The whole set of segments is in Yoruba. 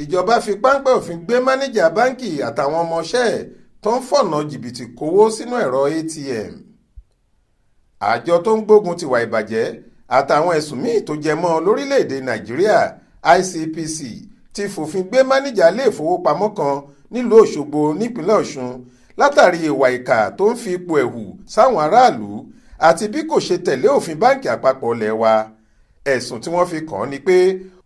ìjọba fi páńpẹ́ òfin gbé máníjà báǹkì àtàwọn ọmọọṣẹ́ ẹ̀ tó ń fọ̀nà jìbìtì kówó sínú ẹ̀rọ atm àjọ tó ń gbógun tiwà ìbàjẹ́ àtàwọn ẹ̀sùn míì tó jẹ mọ́ lórílẹ̀‐èdè nàìjíríà icpc ti fòfin gbé máníjà iléèfowópamọ́ kan nílùú òṣogbo nípínlẹ̀ ọ̀ṣun látàrí ìwà ìkà tó ń fi ipò ẹ̀hù sáwọn aráàlú àti bí kò ṣe tẹ̀lé òfin báǹkì àpapọ̀ ilẹ̀ wa ẹ̀sùn tí wọ́n fi kàn án ni pé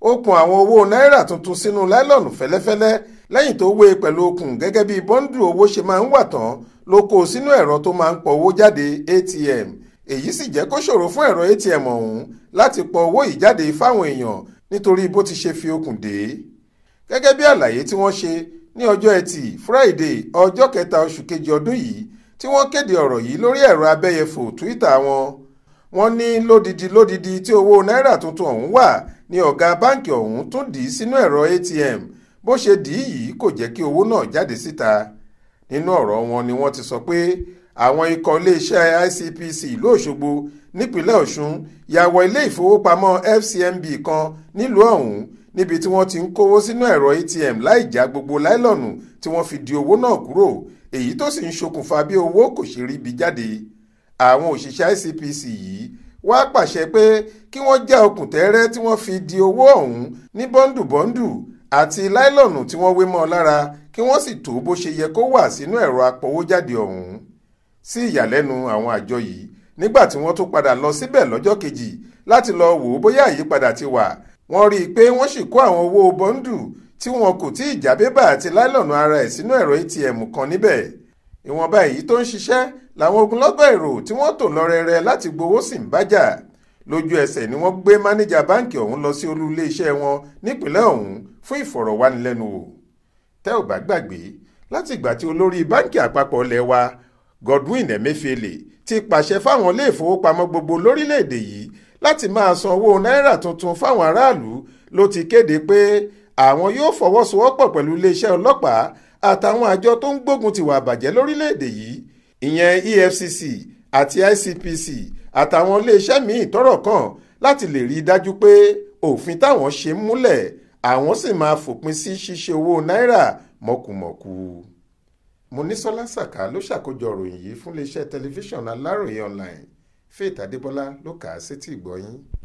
ó kun àwọn owó náírà tuntun sínú láìlọ́ọ̀nù fẹ́lẹ́fẹ́lẹ́ lẹ́yìn tó wé e pẹ̀lú okùn gẹ́gẹ́ bí bọ́ńdù owó ṣe máa ń wà tán ló kó sínú ẹ̀rọ tó máa ń pọ owó jáde ATM èyí sì jẹ́ kó ṣòro fún ẹ̀rọ ATM ọ̀hún láti pọ owó yìí jáde fáwọn èèyàn nítorí bó ti ṣe fi okùn dé gẹ́gẹ́ bí àlàyé tí wọ́n ṣe ní ọjọ́ ẹtì Friday ọjọ́ kẹta oṣù kejì ọdún yìí tí wọ́n kéde ọ̀rọ̀ yìí lórí ẹ̀rọ abẹ́yẹfò Twitter wọn wọ́n ní lódidi lódidi tí owó náírà tuntun ọ̀hún wà ní ọ̀gá báǹkì ọ̀hún tún dì í sínú ẹ̀rọ atm bó ṣe dì í yìí kò jẹ́ kí owó náà jáde síta nínú ọ̀rọ̀ wọn ni wọ́n ti sọ pé àwọn ikọ̀ iléeṣẹ́ ICPC ìlú Òṣogbo nípínlẹ̀ Ọ̀ṣun ya wọ ilé ìfowópamọ́ FCMB kan nílùú ọ̀hún níbi tí wọ́n ti ń kówó sínú ẹ̀rọ ATM láì já gbogbo láìlọ́nù tí wọ́n fi di owó náà kúrò èyí tó sì ń ṣokùnfà bí owó kò ṣe rí bí jáde àwọn òṣìṣẹ́ ICPC yìí wá pàṣẹ pé kí wọ́n já okùn tẹ́rẹ́ tí wọ́n fi di owó ọ̀hún ní bọ́ndùbọ́ndù àti láìlọ́ọ̀nù tí wọ́n wé mọ́ ọ lára kí wọ́n sì tó bó ṣe yẹ kó wà sínú ẹ̀rọ apọwójáde ọ̀hún sí ìyàlẹ́nu àwọn àjọ yìí nígbà tí wọ́n tún padà lọ síbẹ̀ lọ́jọ́ kejì láti lọ wò ó bóyá àyípadà ti wà wọ́n rí i pé wọ́n sì kó àwọn owó bọ́ndù tí wọn kò tí ì já àti láìlọ́ọ̀nù ara ẹ̀ sínú ẹ̀rọ ATM kan níbẹ̀ ìwọ̀nba èyí tó ń ṣiṣẹ́ làwọn ogunlọ́gọ̀ èrò tí wọ́n tò lọ rẹ̀rẹ̀ láti gbowó sì ń bájà lójú ẹsẹ̀ ni wọ́n gbé mánéjà báǹkì ọ̀hún lọ sí olú iléeṣẹ́ wọn nípínlẹ̀ ọ̀hún fún ìfọ̀rọ̀wánilẹ́nuwò tẹ́ ò bá gbàgbé láti ìgbà tí olórí báǹkì àpapọ̀ ilẹ̀ wa Godwin Emefiele ti pàṣẹ fáwọn ilé ìfowópamọ́ gbogbo lórílẹ̀‐èdè yìí láti máa san owó náírà tuntun fáwọn aráàlú ló ti kéde pé àwọn yóò fọwọ́sowọ́pọ̀ pẹ̀lú iléeṣẹ́ ọlọ́pàá àtàwọn àjọ tó ń gbógun tiwà àbàjẹ́ lórílẹ̀‐èdè yìí ìyẹn EFCC àti ICPC àtàwọn iléeṣẹ́ míì tọ́rọ̀ kàn láti lè rí i dájú pé òfin táwọn ṣe múlẹ̀ àwọn sì máa fòpin sí ṣíṣe owó náírà mọ̀kùmọ̀kù. Monísọ́lá Saka ló ṣàkójọ ìròyìn yìí fún iléeṣẹ́ tẹlifíṣàn Aláròye online Faith Adébọ́lá ló kà á sétí ìgbọ́